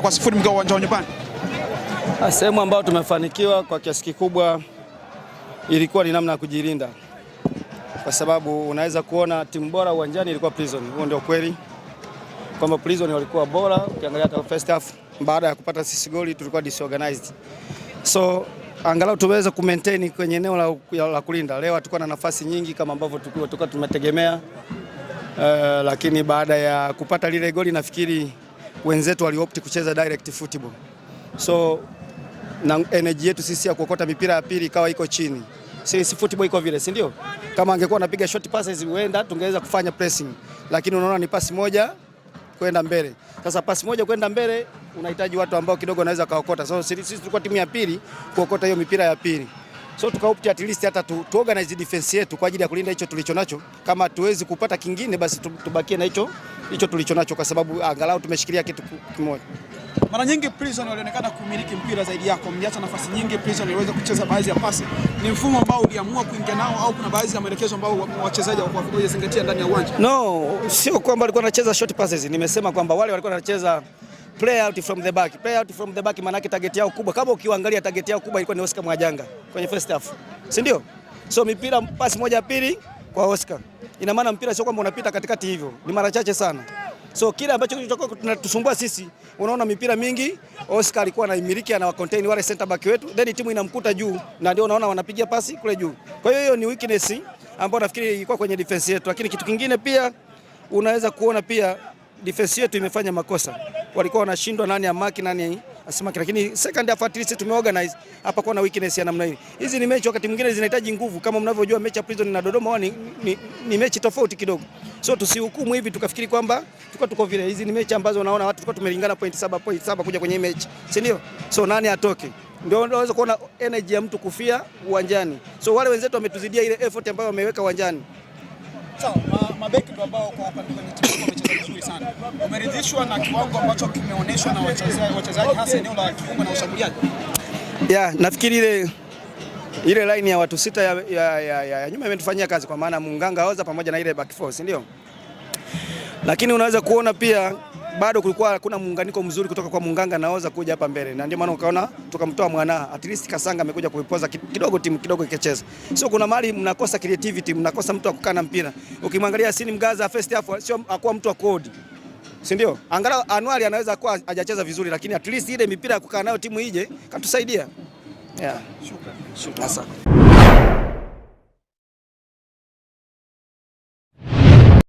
Kwa sifuri mkiwa uwanja wa nyumbani, ah, sehemu ambayo tumefanikiwa kwa kiasi kikubwa ilikuwa ni namna ya kujilinda, kwa sababu unaweza kuona timu bora uwanjani ilikuwa Prison. Huo ndio kweli kwamba Prison walikuwa bora, ukiangalia hata first half, baada ya kupata sisi goli tulikuwa disorganized, so angalau tuweze ku maintain kwenye eneo la, la kulinda. Leo hatukuwa na nafasi nyingi kama ambavyo tulikuwa tumetegemea, uh, lakini baada ya kupata lile goli nafikiri wenzetu waliopti kucheza direct football, so na energy yetu sisi ya kuokota mipira ya pili ikawa iko chini. Sisi football iko vile, si ndio? Kama angekuwa anapiga short passes huenda tungeweza kufanya pressing, lakini unaona ni pasi moja kwenda mbele. Sasa pasi moja kwenda mbele unahitaji watu ambao kidogo wanaweza kaokota. So sisi tulikuwa timu ya pili kuokota hiyo mipira ya pili. So tukaopti at least hata tu, tu organize defense yetu kwa ajili ya kulinda hicho tulichonacho. Kama tuwezi kupata kingine, basi tubakie na hicho hicho tulicho nacho, kwa sababu ah, angalau tumeshikilia kitu kimoja. Mara nyingi Prison walionekana kumiliki mpira zaidi yako, mliacha nafasi nyingi. Prison iliweza kucheza baadhi ya pasi. Ni mfumo ambao uliamua kuingia nao, au kuna baadhi ya maelekezo ambao wachezaji hawakuzingatia ndani ya uwanja? No, sio kwamba walikuwa wanacheza short passes. Nimesema kwamba wale walikuwa wanacheza play out from the back, play out from the back, maana yake target yao kubwa, kama ukiangalia target yao kubwa ilikuwa ni Oscar Mwajanga kwenye first half, si ndio? So mipira pasi moja pili kwa Oscar. Ina maana mpira sio kwamba unapita katikati hivyo, ni mara chache sana. So kile ambacho kilichokuwa kinatusumbua sisi, unaona mipira mingi Oscar alikuwa anaimiliki, ana contain wale center back wetu, then timu inamkuta juu na ndio unaona wanapiga pasi kule juu. Kwa hiyo hiyo ni weakness ambayo nafikiri ilikuwa kwenye defense yetu, lakini kitu kingine pia unaweza kuona pia defense yetu imefanya makosa, walikuwa wanashindwa nani ya maki nani Asema lakini second half at least tumeorganize hapa kwa na weakness ya namna hii. Hizi ni mechi wakati mwingine zinahitaji nguvu kama mnavyojua mechi ya Prison na Dodoma ni, ni, ni mechi tofauti kidogo. So tusihukumu hivi tukafikiri kwamba tuko tuko vile. Hizi ni mechi ambazo unaona watu tuko tumelingana point saba point saba kuja kwenye mechi. Si ndio? So nani atoke? Ndio unaweza kuona energy ya mtu kufia uwanjani. So wale wenzetu wametuzidia ile effort ambayo wameweka uwanjani. Sawa, so, mabeki ndio ambao kwa upande wa timu sana. Umeridhishwa na kiwango ambacho kimeonyeshwa na wachezaji wachezaji hasa eneo la kiungo na ushambuliaji? Yeah, nafikiri ile ile line ya watu sita ya, ya, ya, ya ya nyuma imetufanyia kazi kwa maana Munganga Oza pamoja na ile back four, si ndio? Lakini unaweza kuona pia bado kulikuwa hakuna muunganiko mzuri kutoka kwa Munganga na Oza kuja hapa mbele, na ndio maana ukaona tukamtoa mwana At least Kasanga amekuja kuipoza kidogo timu kidogo ikicheza. Sio kuna mali mnakosa creativity, mnakosa mtu wa kukaa na mpira. Ukimwangalia Sini Mgaza first half sio akuwa mtu wa code si ndio? Angalau Anuari anaweza kuwa hajacheza vizuri, lakini at least ile mipira ya kukaa nayo timu ije katusaidia. Yeah. Shukrani. Asante.